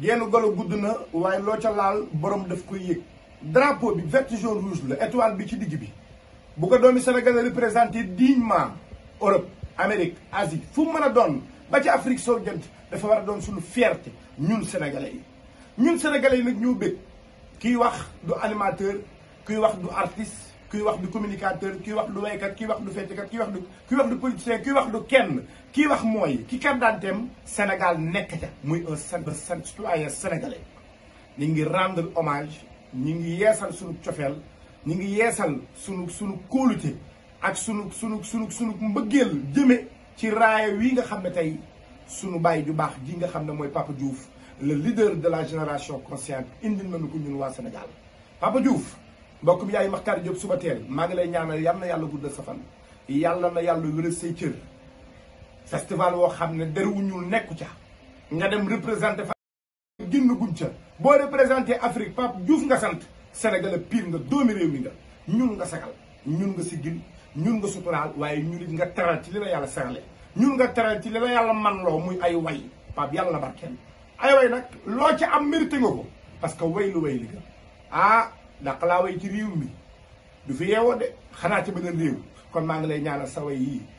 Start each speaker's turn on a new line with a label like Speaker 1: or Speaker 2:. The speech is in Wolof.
Speaker 1: genn golo gudd na waaye loo ca laal borom daf koy yëg drapeau bi vert jaune rouge la étoile bi ci digg bi bu ko doomi Sénégal représenté dignement Europe Amérique Asie fu mu mën a doon ba ci Afrique soo jant dafa war a doon suñu fierté ñun sénégalais yi ñun sénégalais yi nag ñoo bëgg kiy wax du animateur kuy wax du artiste kuy wax du communicateur kuy wax du waykat kuy wax du fecckat kuy wax du kuy wax du politicien kuy wax du kenn kii wax mooy ki daan d'identité Sénégal nekk ca muy un un citoyen sénégalais ñu ngi rendre hommage ñu ngi yeesal sunu cofeel ñu ngi yeesal sunu sunu kóolute ak sunu sunu sunu sunu mbëggeel jëme ci raaya wi nga xam ne tey sunu bàyyi ju baax ji nga xam ne mooy Papa Diouf le leader de la génération consciente indil nañu ko ñun waa Sénégal Papa Diouf mbokk mi yaay Maxtaar Diop suba teel maa ngi lay ñaanal yal na yàlla guddal sa fan yàlla na yàlla wéral say cër festival woo xam ne der wu ñuul nekku ca nga dem représenté fa génn guñ ca boo représenté Afrique Pape Diouf nga sant Sénégal a pire nga doomi réew mi nga ñun nga sagal ñun nga si siggil ñun nga suturaal waaye ñun it nga teral ci li la yàlla serale ñun nga teral ci li la yàlla man loo muy ay way Pape yàlla na barkeel ay way nag loo ci am mérité parce que way dàq laa way ci réew mi du fi yeewoo de xanaa ci beneen réew kon maa ngi lay ñaanal sa yii